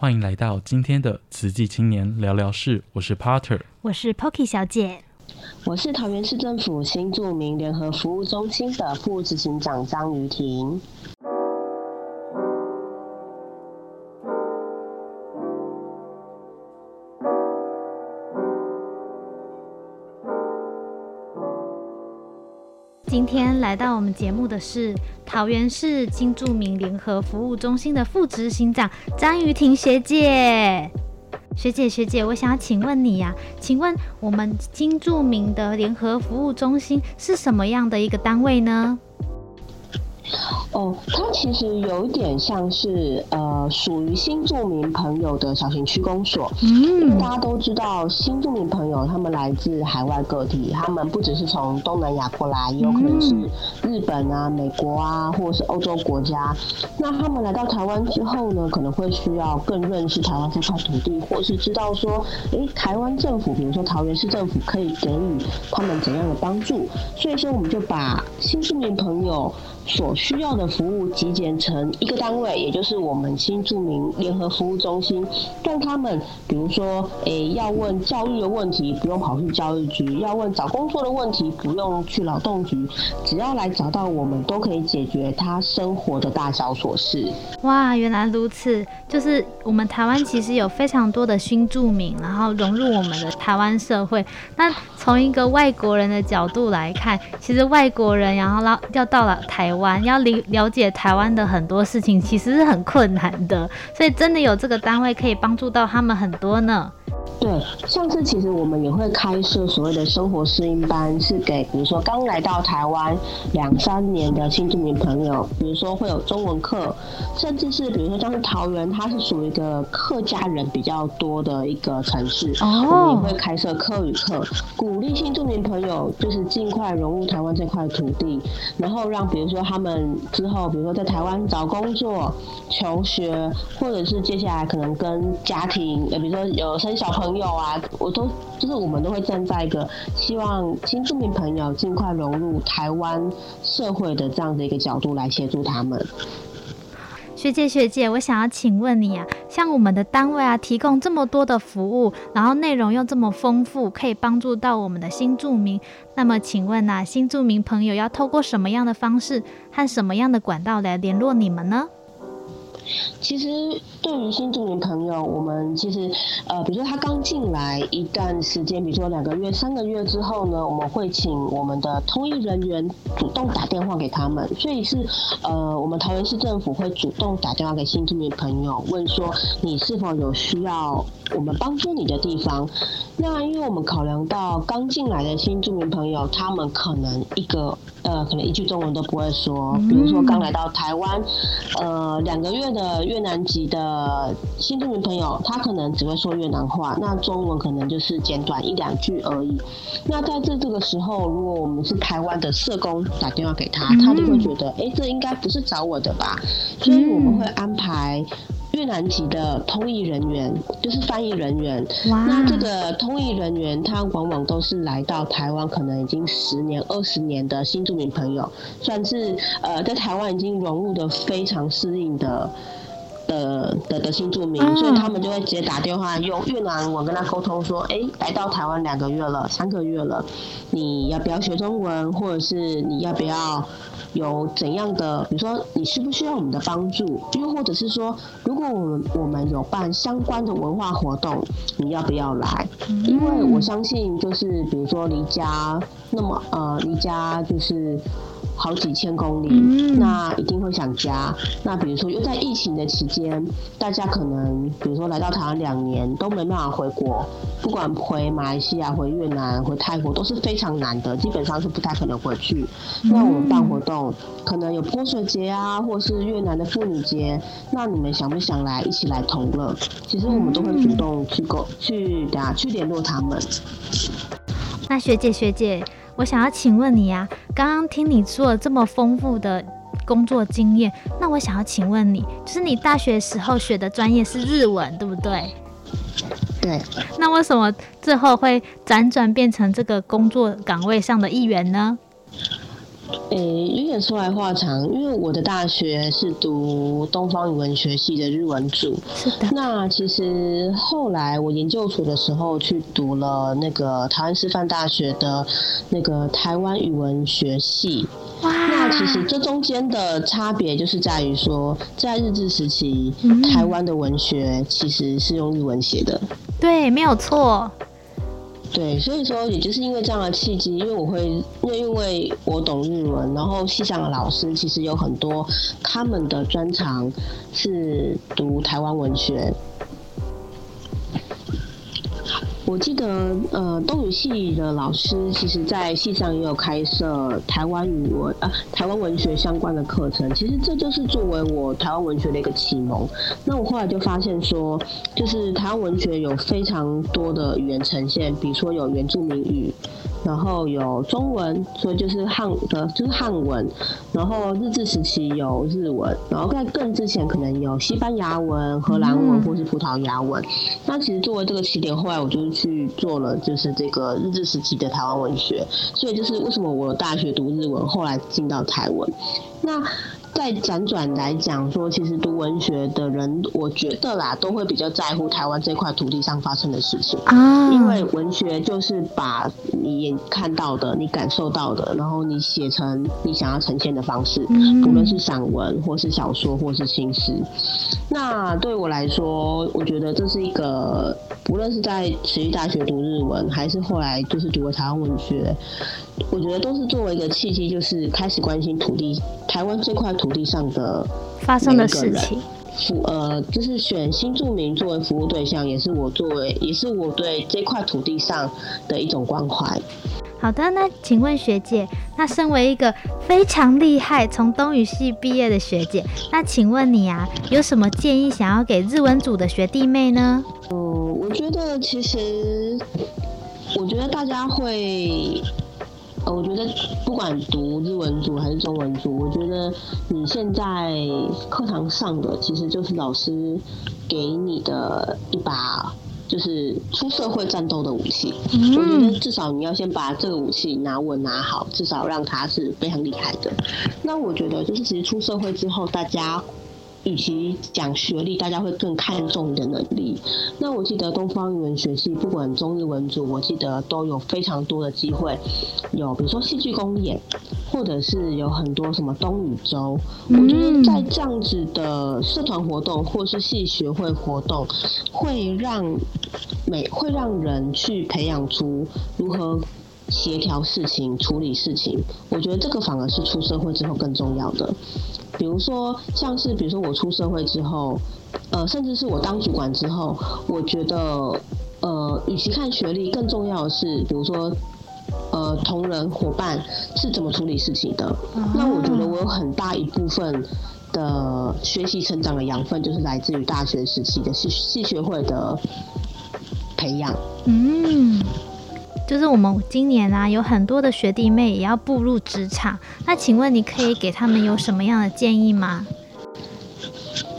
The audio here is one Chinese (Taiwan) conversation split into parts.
歡迎來到今天的《慈濟青年聊聊事》，我是 Parker，我是 Pokey 小姐，我是桃園市政府新住民聯合服務中心的副執行長張瑜庭。今天來到我們節目的是桃園市新住民聯合服務中心的副執行長張瑜庭學姐。學姐學姐，我想要請問你呀、啊，請問我們新住民的聯合服務中心是什麼樣的一個單位呢？哦、嗯，他其實有一點像是呃，屬於新住民朋友的小型區公所。嗯，大家都知道，新住民朋友他們來自海外各地，他們不只是從東南亞過來，也有可能是日本啊、美國啊，或者是歐洲國家。那他們來到台灣之後呢，可能會需要更認識台灣這塊土地，或是知道說，誒、欸，台灣政府，比如說桃園市政府，可以給予他們怎樣的幫助。所以說，我們就把新住民朋友所需要的服務集結成一個單位，也就是我們新住民聯合服務中心，讓他們比如說，誒、欸，要問教育的問題，不用跑去教育局；要問找工作的問題，不用去勞動局，只要來找到我們，都可以解決他生活的大小瑣事。哇，原來如此，就是我們台灣其實有非常多的新住民，然後融入我們的台灣社會。那從一個外國人的角度來看，其實外國人然後要到了台灣要了了解臺灣的很多事情，其實是很困難的，所以真的有這個單位可以幫助到他們很多呢。對，上次其實我們也會開設所謂的生活適應班，是給比如說剛來到台灣兩三年的新住民朋友，比如說會有中文課，甚至是比如說像是桃園，它是屬於一個客家人比較多的一個城市，oh. 我們也會開設客語課，鼓勵新住民朋友就是盡快融入台灣這塊土地，然後讓比如說他們之後比如說在台灣找工作、求學，或者是接下來可能跟家庭，呃比如說有生小朋友。朋友啊，我都就是我們都會站在一個希望新住民朋友盡快融入台灣社會的這樣的一個角度來協助他們。學姐學姐，我想要請問你啊，像我們的單位啊提供這麼多的服務，然後內容又這麼豐富，可以幫助到我們的新住民。那麼請問吶，新住民朋友要透過什麼樣的方式和什麼樣的管道來聯絡你們呢？其實對於新住民朋友，我們其實呃，比如說他剛進來一段時間，比如說兩個月、三個月之後呢，我們會請我們的通譯人員主動打電話給他們。所以是呃，我們桃園市政府會主動打電話給新住民朋友，問說你是否有需要我們幫助你的地方？那因為我們考量到剛進來的新住民朋友，他們可能一個呃，可能一句中文都不會說，比如說剛來到台灣，呃，兩個月的。呃，越南籍的新住民朋友，他可能只會說越南話，那中文可能就是簡短一兩句而已。那在這這個時候，如果我們是台灣的社工打電話給他，他就會覺得，哎、欸，這應該不是找我的吧？所以我們會安排。越南籍的通譯人員就是翻譯人員。Wow. 那這個通譯人員，他往往都是來到台灣，可能已經十年、二十年的新住民朋友，算是呃在台灣已經融入的非常適應的。的的的新住民，所以他們就會直接打電話。用越南，我跟他溝通說，哎、欸，來到台灣兩個月了，三個月了，你要不要學中文，或者是你要不要有怎樣的？比如說，你需不需要我們的幫助？又或者是說，如果我們我們有辦相關的文化活動，你要不要來？因為我相信，就是比如說離家，那麼呃，離家就是。好幾千公里，那一定會想家。那比如說，又在疫情的期間，大家可能，比如說來到台灣兩年都沒辦法回國，不管回馬來西亞、回越南、回泰國都是非常難的，基本上是不太可能回去。那我們辦活動，可能有潑水節啊，或是越南的婦女節，那你們想不想來一起來同樂？其實我們都會主動去溝、去打、去聯絡他們。那、啊、學姐，學姐。我想要請問你啊，剛剛聽你做了這麼豐富的工作經驗，那我想要請問你，就是你大學時候學的專業是日文，對不對？對。那為什麼最後會輾轉變成這個工作崗位上的一員呢？誒、欸，有點說來話長，因為我的大學是讀東方語文學系的日文組。是的。那其實後來我研究所的時候，去讀了那個台灣師範大學的那個台灣語文學系。哇。那其實這中間的差別就是在於說，在日治時期，嗯、台灣的文學其實是用日文寫的。對，沒有錯。對，所以說，也就是因為這樣的契機，因為我會，因為因為我懂日文，然後系上的老師其實有很多，他們的專長是讀台灣文學。我記得，呃，東語系的老師其實，在系上也有開設台灣語文啊、台灣文學相關的課程。其實，這就是作為我台灣文學的一個啟蒙。那我後來就發現說，就是台灣文學有非常多的語言呈現，比如說有原住民語。然後有中文，所以就是漢，呃，就是漢文。然後日治時期有日文，然後在更、更之前可能有西班牙文、荷蘭文或是葡萄牙文。嗯。那其實作為這個起點，後來我就是去做了，就是這個日治時期的台灣文學。所以就是為什麼我大學讀日文，後來進到台文。那在輾轉來講說，其實讀文學的人，我覺得啦，都會比較在乎台灣這塊土地上發生的事情。啊，因為文學就是把你看到的、你感受到的，然後你寫成你想要呈現的方式，嗯、不論是散文或是小說或是新詩。那對我來說，我覺得這是一個，不論是在慈濟大學讀日文，還是後來就是讀過台灣文學。我覺得都是作為一個契機，就是開始關心土地，台灣這塊土地上的發生的事情。服呃，就是選新住民作為服務對象，也是我作為，也是我對這塊土地上的一種關懷。好的，那請問學姐，那身為一個非常厲害從東語系畢業的學姐，那請問你啊，有什麼建議想要給日文組的學弟妹呢？嗯、呃，我覺得其實，我覺得大家會。呃，我覺得不管讀日文組還是中文組，我覺得你現在課堂上的其實就是老師給你的一把就是出社會戰鬥的武器。我覺得至少你要先把這個武器拿穩拿好，至少讓它是非常厲害的。那我覺得就是其實出社會之後，大家。與其講學歷，大家會更看重你的能力。那我記得東方語文學系，不管中日文組，我記得都有非常多的機會，有比如說戲劇公演，或者是有很多什麼東語週、嗯。我覺得在這樣子的社團活動，或是系學會活動，會讓每會讓人去培養出如何協調事情、處理事情。我覺得這個反而是出社會之後更重要的。比如說，像是比如說我出社會之後，呃，甚至是我當主管之後，我覺得，呃，與其看學歷，更重要的是，比如說，呃，同仁夥伴是怎麼處理事情的。那、uh -huh. 我覺得我有很大一部分的學習成長的養分，就是來自於大學時期的系系學會的培養。嗯、mm -hmm.。就是我們今年啊，有很多的學弟妹也要步入職場，那請問你可以給他們有什麼樣的建議嗎？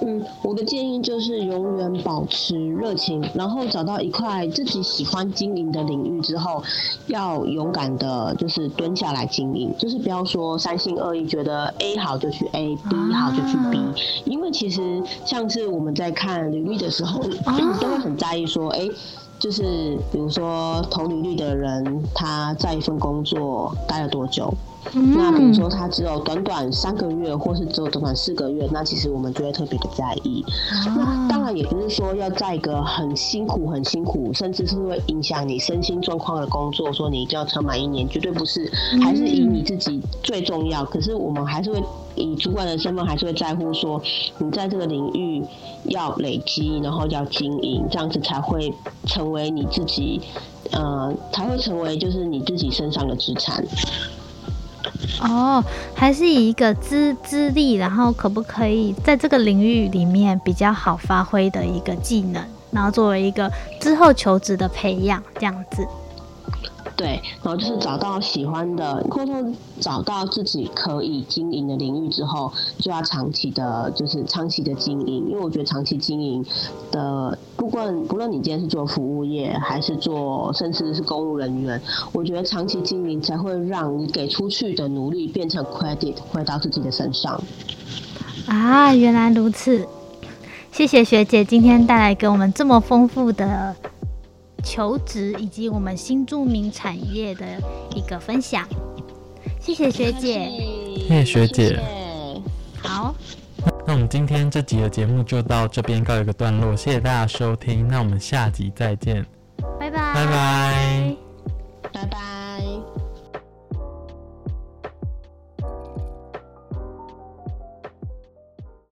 嗯，我的建議就是永遠保持熱情，然後找到一塊自己喜歡經營的領域之後，要勇敢的，就是蹲下來經營，就是不要說三心二意，覺得 A 好就去 A，B、啊、好就去 B，因為其實像是我們在看履歷的時候，啊嗯、都會很在意說，誒、欸。就是，比如說投履歷的人，他在一份工作待了多久？那比如說，他只有短短三個月，或是只有短短四個月，那其實我們就會特別的在意。哦。那當然也不是說要在一個很辛苦、很辛苦，甚至是會影響你身心狀況的工作，說你一定要撐滿一年，絕對不是。還是以你自己最重要。嗯。可是我們還是會以主管的身份，還是會在乎說，你在這個領域要累積，然後要經營，這樣子才會成為你自己，呃，才會成為就是你自己身上的資產。哦，還是以一個資資歷，然後可不可以在這個領域裡面比較好發揮的一個技能，然後作為一個之後求職的培養，這樣子。對，然後就是找到喜歡的，或者說找到自己可以經營的領域之後，就要長期的，就是長期的經營。因為我覺得長期經營的，不管不論你今天是做服務業，還是做甚至是公務人員，我覺得長期經營才會讓你給出去的努力變成 credit，回到自己的身上。啊，原來如此，謝謝學姐今天帶來給我們這麼豐富的。求職以及我們新住民產業的一個分享，謝謝學姐，謝謝學姐，謝謝，好，那我們今天這集的節目就到這邊告一個段落，謝謝大家收聽，那我們下集再見，拜拜，拜拜。